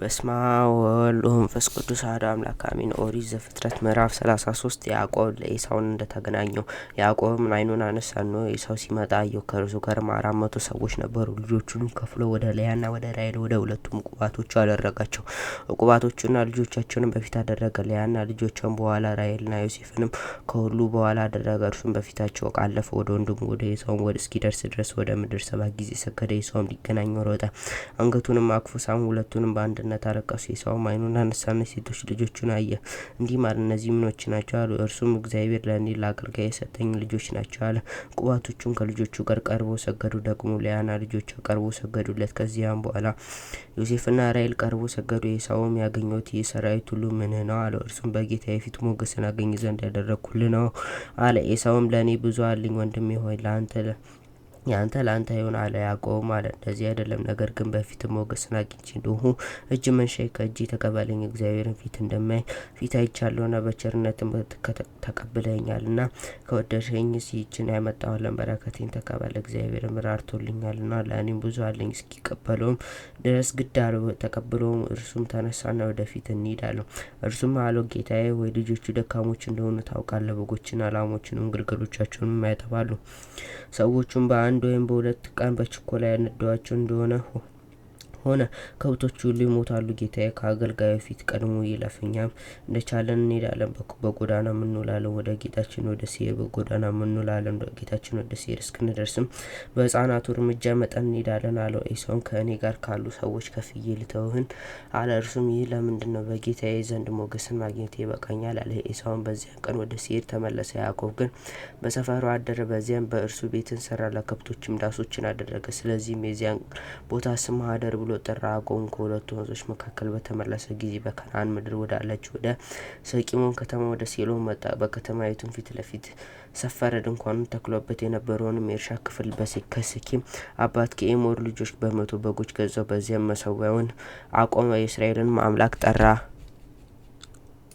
በስማ ወወልድ ወመንፈስ ቅዱስ አሐዱ አምላክ አሜን። ኦሪት ዘፍጥረት ምዕራፍ ሰላሳ ሶስት ያዕቆብ ለኤሳውን እንደተገናኘው። ያዕቆብም ዓይኑን አነሳኖ ኤሳው ሲመጣ አየው። ከእርሱ ጋርም አራት መቶ ሰዎች ነበሩ። ልጆቹንም ከፍሎ ወደ ልያና ወደ ራሔል ወደ ሁለቱም ዕቁባቶቹ አደረጋቸው። ዕቁባቶቹና ልጆቻቸውንም በፊት አደረገ። ልያና ልጆቿን በኋላ፣ ራሔልና ዮሴፍንም ከሁሉ በኋላ አደረገ። እርሱም በፊታቸው አለፈ። ወደ ወንድሙ ወደ ኤሳውም ወደ እስኪደርስ ድረስ ወደ ምድር ሰባት ጊዜ ሰገደ። ኤሳውም ሊገናኘው ሮጠ፣ አንገቱንም አቅፎ ሳሙ። ሁለቱንም በአንድ በአንድነት አለቀሱ። ኤሳውም ዓይኑን አነሳና ሴቶች ልጆቹን አየ፣ እንዲህም አለ፣ እነዚህ ምኖች ናቸው አሉ። እርሱም እግዚአብሔር ለእኔ ለአገልጋይ የሰጠኝ ልጆች ናቸው አለ። ቁባቶቹም ከልጆቹ ጋር ቀርበው ሰገዱ። ደግሞ ሊያና ልጆቿ ቀርቦ ሰገዱለት። ከዚያም በኋላ ዮሴፍና ራይል ቀርቦ ሰገዱ። ኤሳውም ያገኘሁት ይህ ሰራዊት ሁሉ ምንህ ነው አለ። እርሱም በጌታ የፊት ሞገስን አገኝ ዘንድ ያደረግኩልህ ነው አለ። ኤሳውም ለእኔ ብዙ አለኝ፣ ወንድሜ ሆይ ለአንተ ያንተ ለአንተ ይሁን አለ ያዕቆብ ማለት እንደዚህ አይደለም። ነገር ግን በፊት ሞገስን አግኝቼ እንደሆኑ እጅ መንሻይ ከእጅ ተቀበለኝ እግዚአብሔርን ፊት እንደማይ ፊት አይቻለሁና በቸርነትም ተቀብለኛል ና ከወደሸኝ ሲይችን ያመጣዋለን በረከቴን ተቀበል። ራርቶልኛል ና ለእኔም ብዙ አለኝ እስኪቀበለውም ድረስ ግድ አለው። ተቀብለውም እርሱም ተነሳና ወደፊት እንሂዳለሁ እርሱም አለው ጌታዬ ወይ ልጆቹ ደካሞች እንደሆኑ ታውቃለ በጎችን አላሞችንም ግልገሎቻቸውንም ያጠባሉ። ሰዎቹም በአ በአንድ ወይም በሁለት ቀን በችኮላ ያነዷቸው እንደሆነ ሆነ። ከብቶች ሁሉ ይሞታሉ፣ ጌታዬ ከአገልጋዩ ፊት ቀድሞ ይለፍ። እኛም እንደቻለን እንሄዳለን፣ በጎዳና ምንውላለን ወደ ጌታችን ወደ ሴር ምንውላለን ወደ ጌታችን ወደ ሴር እስክንደርስም በህፃናቱ እርምጃ መጠን እንሄዳለን አለው። ኤሳውም ከእኔ ጋር ካሉ ሰዎች ከፍዬ ልተውህን አለ። እርሱም ይህ ለምንድን ነው? በጌታዬ ዘንድ ሞገስን ማግኘት ይበቃኛል አለ። ኤሳውን በዚያን ቀን ወደ ሴር ተመለሰ። ያዕቆብ ግን በሰፈሩ አደረ። በዚያም በእርሱ ቤትን ሰራ፣ ለከብቶችም ዳሶችን አደረገ። ስለዚህም የዚያን ቦታ ስም አደር ብሎ ጥራ አቆም ከሁለቱ ወንዞች መካከል በተመለሰ ጊዜ በከነአን ምድር ወዳለች ወደ ሰቂሞን ከተማ ወደ ሴሎ መጣ። በከተማይቱም ፊት ለፊት ሰፈረ። ድንኳኑን ተክሎበት የነበረውንም የእርሻ ክፍል ከሴኬም አባት ከኤሞር ልጆች በመቶ በጎች ገዛው። በዚያም መሰዊያውን አቆመ። የእስራኤልን አምላክ ጠራ።